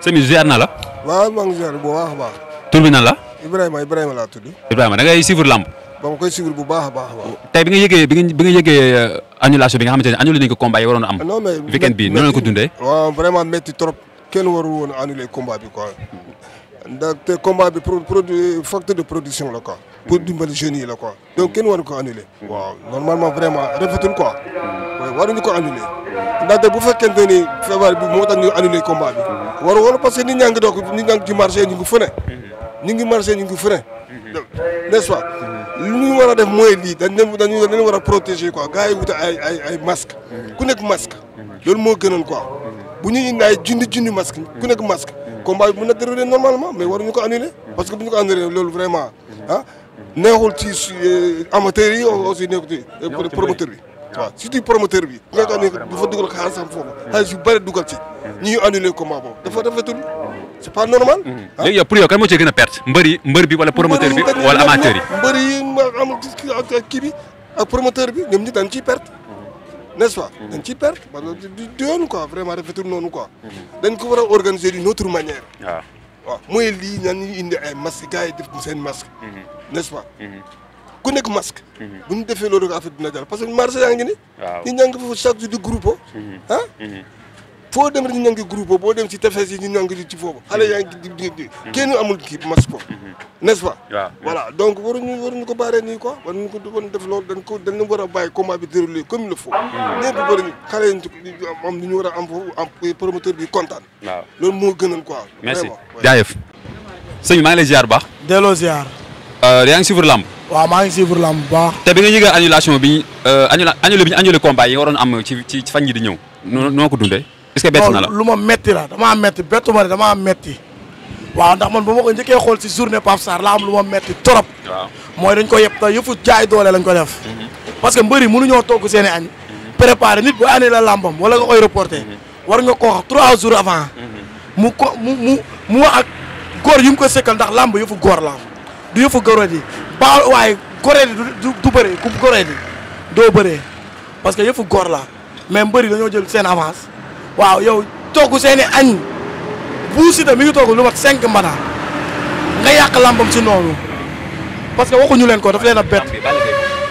sëñ bi ziar na la. waaw maa ngi ziar bu baax a baax. tur bi nan la. Ibrahima Ibrahima laa tudd. Ibrahima da ngay suivre lamb. ba ma koy suivre bu baax a baax a baax. tey bi nga yëgee bi nga bi nga yëgee euh, annulation bi nga xamante ne annulé nañ ko combat yi waroon a am. non mais weekend bii noonu la ko dundee. waaw vraiment métti trop kenn warul woon annulé combat bi quoi. ndaxte combat bi produit facteur de production la quoi. pour dimbali jeunes yi la quoi. donc kenn waru ko annulé. waaw normalement vraiment rafetul quoi. waruñu ko annulé. ndaxte bu fekkente ni feebar bi moo tax ñu annulé combat bi. waru waru parce que ni ñaa ngi doog nit ñaa marché ñu ngi fu ne ñu ngi marché a ngi fu ne nest war a def mooy lii dañ leen dañu dañ leen war a protéger ko gars yi ay ay ay masque ku nekk masque loolu moo gënoon quoi bu ñu indi ay junni junni masque ku nekk masque combat bi mën na déroulé normalement mais waruñu ko annulé parce que bu ñu ko annulé loolu vraiment ah neexul ci euh, amateurs yi aussi neexul ci promoteur bi waaw surtout promoteur bi. waaw waaw ah, vraiment dafa dugal xaalisam foofu. xaalis yu bëri dugal ci. ñu ñu annulé combat boobu dafa rafetul. c'est pas normal. Mhm. Ah. léegi yow pour yow kan moo cee gën perte mbër yi mbër bi wala promoteur bi wala amateur yi. mbër yi am kii bi ak promoteur bi ñoom ñi dañ ciy perte. n'est-ce pas mhm. dañ ciy perte parce que du yoon quoi vraiment rafetul noonu quoi. Mhm. dañ ko war a organiser d'une autre manière. waaw ah. waaw mooy lii ñaan ñu indi ay masques gars yi def seen masque. n'est-ce pas. ku nekk masque. Mhm. bu ñu defee loolu affaire dina jàll parce que marché yaa ngi ni. waaw ñu ñànk foofu chaque jour di groupe. Mhm. ah. Mhm. foo dem rek ñu ñànk groupe boo dem ci tefes yi ñu ñànk ci foofu xale yaa ngi di di di a amul kii masque ko n'est-ce pas. waaw voilà donc waruñu waruñu ko baaree nii quoi waruñu ko waruñu def loolu dañ ko dañ war a bàyyi combat bi déroulé comme il le faut. am lu ñu war a am foofu am promoteur bi kontaan. waaw loolu moo gënal quoi. merci jaajëf sëñ bi maa ngi lay ziar baax. delloo ziar. Euh, yaa ngi waaw maa ngi suivre lamb bu baax. te bi nga yëgee annulation bi euh, annulé annulé bi ñu annulé am ci ci fan yi di ñëw noo ko dundee. est-ce na la lu ma metti la damaa metti bettu ma de damaa metti waaw ndax man ba ma ko njëkkee xool si journée Pape Sarr laa am lu ma metti trop. waaw mooy dañ ko yëpp te yëfu jaay doole lañ ko def. Mm-hmm. parce que mbëri mënuñoo togg seen i añ. Mm-hmm. préparé nit bu annulé la lambam wala nga koy reporté. Mm-hmm. war nga ko xam trois jours avant. mu ko mu mu mu wax ak góor yu mu ko sekkal ndax lamb yëfu góor la du yëfu góor yi baaw waaye goree di du du bëree ku goree doo bëree parce que yëfu góor la mais mbëri dañoo jël seen avance waaw yow toogu seen i añ bu Siteu mi ngi toogu lu mat cinq mbana nga yàq làmbam si noonu parce que waxuñu leen ko daf leen a bett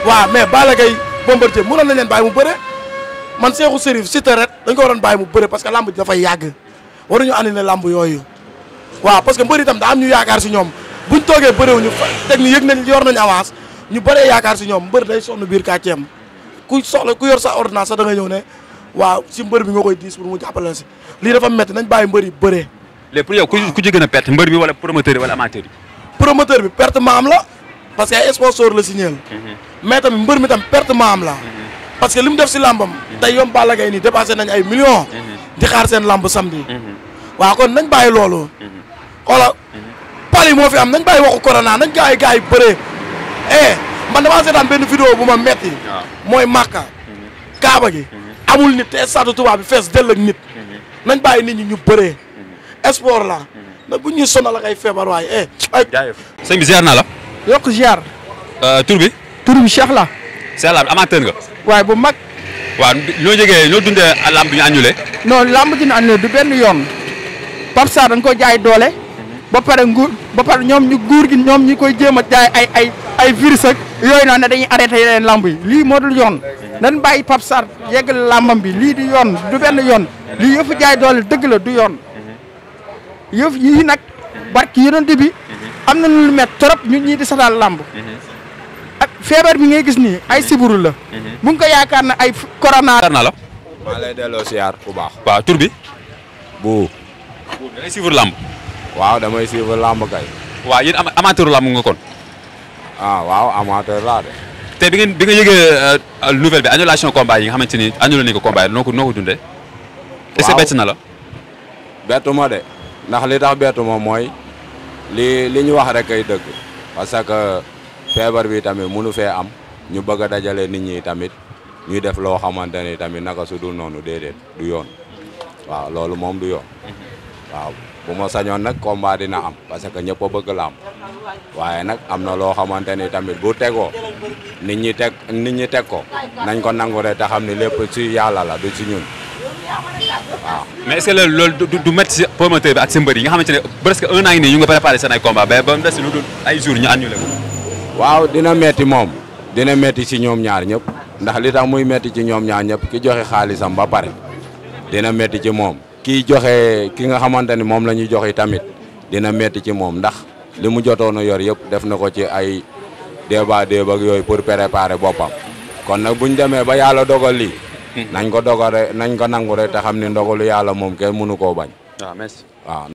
waaw mais Balla Gaye mu mënoon nañ leen bàyyi mu bëre man Cheikhou Chérif Siteu rek dañ ko waroon bàyyi mu bëre parce que làmb ji dafay yàgg waruñu andi ne làmb yooyu waaw parce que mbëri itam daa am ñu yaakaar si ñoom bu toogee bëréewuñu fa teg ni yëg nañ yor avance ñu bëree yaakaar si ñoom mbër day sonn biir kàcceem ku soxla ku yor sa ordonnance sax da si mbër bi nga koy diis pour mu jàppale si lii dafa metti nañ bàyyi mbër yi bëree léegi pour yow ku ci gën a perte mbër bi wala promoteur bi wala amateur bi promoteur perte ma la parce que ay sponsor la signé mhm. mais tamit mbër mi tam perte ma am la mhm. parce que li def si làmbam mhm. tey yom Balla Gaye nii dépassé nañ ay millions di xaar seen làmb samedi waaw kon nañ bàyyi loolu bal yi moo fi am nañ bàyyi waxu corona nañ gars yi gars yi bëree eh man damaa seetaan benn vidéo bu ma metti mooy Màkka mhm. Kaaba gi mhm. amul nit te stade Touba fees dell ak nit mhm. nañ bàyyi nit ñi ñu bëree sport la nag bu ñuy sonal ak ay feebar waaye eh ay bi ziar naa la yokk ziar euh, tur bi tur bi Cheikh la Cheikh la amateur nga waaye bu mag waaw ñoo jógee ñoo dundee lamb bi ñu annulé non lamb ji ñu annulé du benn yoon par Sarr dañ ko jaay doole ba pare nguur ba ñoom ñu nguur gi ñoom ñu koy jéem a jaay ay ay ay virus yooyu noonu ne dañuy arrêté yeneen yi lii moo dul yoon nan bàyyi Pape Sarr yeggal lambam bi lii di yoon du benn yoon lii yëfu jaay doole dëgg la du yoon yëf yii nag barki yonent bi am na lu met trop ñu ñii di satal lamb feebar bi ngay gis nii ay siburu la bu ko yaakaar ne ay corona la maa lay delloo bu baax waaw tur bi waaw damay suivre làmb kay. waaw yéen amateur mu nga kon. Ah, waaw amateur laa de. te bi ngeen bi nga yëgee euh, euh, nouvelle bi annulation combat yi nga xamante ni annulé nañ ko combat yi noo ko noo ko dundee. na la. bettu ma de ndax li tax bettu ma mooy li li ñu wax rek kay dëgg parce que feebar bi tamit mënu fee am ñu bëgg a dajale nit ñi tamit ñuy def loo xamante ni tamit naka su noonu déedéet du yoon waaw loolu moom du yoon mhm. waaw. bu ma sañoon nag combat dina am parce que ñëpp a bëgg waaye nag am na loo xamante ni tamit bu tegoo nit ñi teg nit ñi teg ko nañ ko nangu rek te xam ne lépp ci yàlla la du ci ñun waaw. mais est ce loolu du du métti si promoteur bi ak si mbër yi nga xamante ne presque un an yi nii ñu nga préparé seen ay combat ba ba mu lu dul ay jours ñu annulé ko. waaw dina meti moom dina metti si ñoom ñaar ñëpp ndax li tax muy metti ci ñoom ñaar ñëpp ki joxe xaalisam ba pare dina metti ci moom. kiy joxe ki nga xamante ni moom la ñuy joxe tamit dina metti ci moom ndax li mu jotoon a yor yëpp def na ko ci ay débat débat ak yooyu pour préparer boppam kon nag bu ñu demee ba yàlla dogal lii. Hmm. nañ ko dogal nañ ko nangu rek te xam ne ndogalu yàlla moom kenn mënu koo bañ. waaw ah, merci waaw.